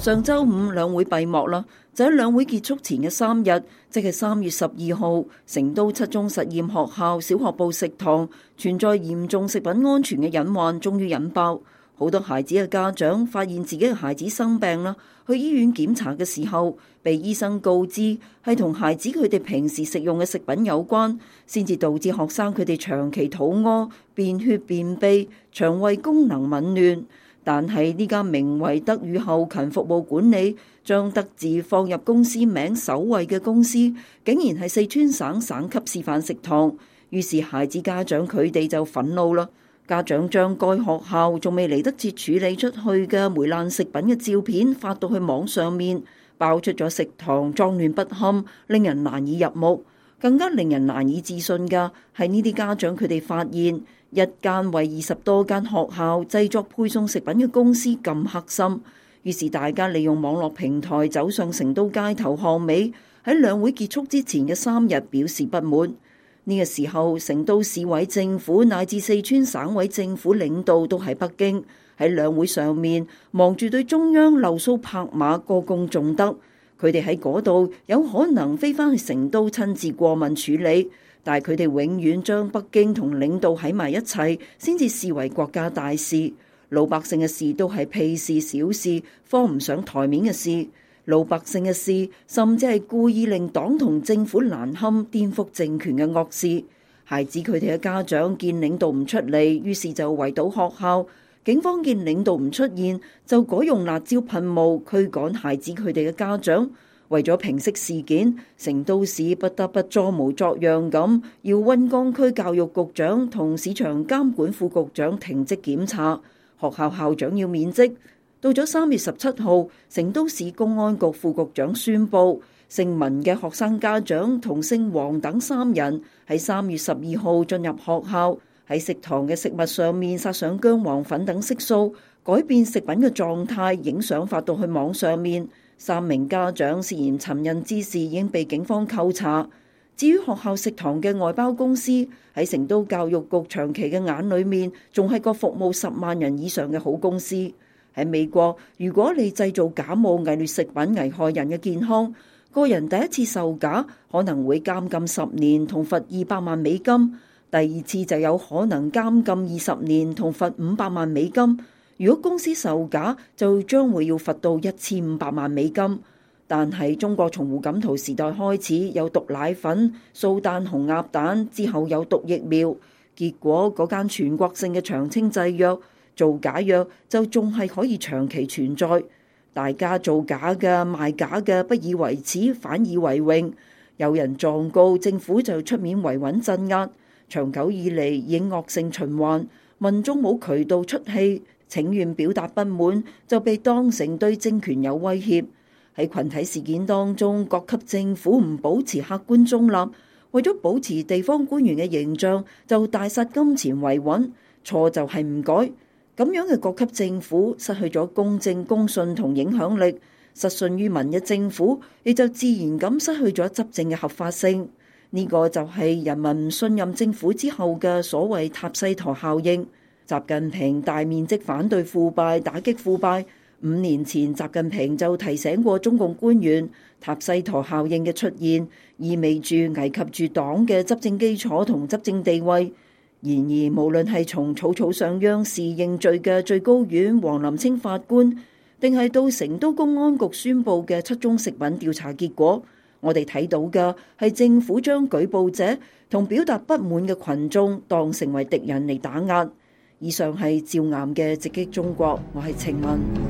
上週五兩會閉幕啦，就喺兩會結束前嘅三日，即係三月十二號，成都七中實驗學校小學部食堂存在嚴重食品安全嘅隱患，終於引爆。好多孩子嘅家長發現自己嘅孩子生病啦，去醫院檢查嘅時候，被醫生告知係同孩子佢哋平時食用嘅食品有關，先至導致學生佢哋長期肚屙、便血、便秘、腸胃功能紊亂。但係呢間名為德宇後勤服務管理，將德字放入公司名首位嘅公司，竟然係四川省省級示範食堂。於是孩子家長佢哋就憤怒啦，家長將該學校仲未嚟得切處理出去嘅霉爛食品嘅照片發到去網上面，爆出咗食堂髒亂不堪，令人難以入目。更加令人難以置信嘅係呢啲家長佢哋發現一間為二十多間學校製作配送食品嘅公司咁黑心，於是大家利用網絡平台走上成都街頭巷尾，喺兩會結束之前嘅三日表示不滿。呢、這個時候，成都市委政府乃至四川省委政府領導都喺北京喺兩會上面忙住對中央溜鬚拍馬歌功頌德。佢哋喺嗰度有可能飛翻去成都親自過問處理，但係佢哋永遠將北京同領導喺埋一齊先至視為國家大事。老百姓嘅事都係屁事小事，放唔上台面嘅事。老百姓嘅事，甚至係故意令黨同政府難堪、顛覆政權嘅惡事。孩子佢哋嘅家長見領導唔出嚟，於是就圍堵學校。警方見領導唔出現，就改用辣椒噴霧驅趕孩子佢哋嘅家長。為咗平息事件，成都市不得不裝模作樣咁，要温江區教育局長同市場監管副局長停職檢查，學校校長要免職。到咗三月十七號，成都市公安局副局長宣布，姓文嘅學生家長同姓王等三人喺三月十二號進入學校。喺食堂嘅食物上面撒上薑黃粉等色素，改變食品嘅狀態，影相發到去網上面。三名家長涉嫌尋釁滋事，已經被警方扣查。至於學校食堂嘅外包公司，喺成都教育局長期嘅眼裏面，仲係個服務十萬人以上嘅好公司。喺美國，如果你製造假冒偽劣食品，危害人嘅健康，個人第一次售假可能會監禁十年同罰二百萬美金。第二次就有可能監禁二十年，同罰五百萬美金。如果公司售假，就將會要罰到一千五百萬美金。但係中國從胡錦濤時代開始有毒奶粉、蘇丹紅鴨蛋，之後有毒疫苗，結果嗰間全國性嘅長青製藥造假藥就仲係可以長期存在。大家造假嘅賣假嘅不以為恥，反以為榮。有人狀告政府，就出面維穩鎮壓。長久以來，已經惡性循環，民眾冇渠道出氣、請願表達不滿，就被當成對政權有威脅。喺群體事件當中，各級政府唔保持客觀中立，為咗保持地方官員嘅形象，就大殺金錢維穩，錯就係唔改。咁樣嘅各級政府失去咗公正、公信同影響力，失信於民嘅政府，亦就自然咁失去咗執政嘅合法性。呢個就係人民唔信任政府之後嘅所謂塔西佗效應。習近平大面積反對腐敗、打擊腐敗。五年前，習近平就提醒過中共官員，塔西佗效應嘅出現意味住危及住黨嘅執政基礎同執政地位。然而，無論係從草草上央視認罪嘅最高院王林清法官，定係到成都公安局宣布嘅七中食品調查結果，我哋睇到嘅係政府將舉報者同表達不滿嘅群眾當成為敵人嚟打壓，以上係趙岩嘅直擊中國，我係程文。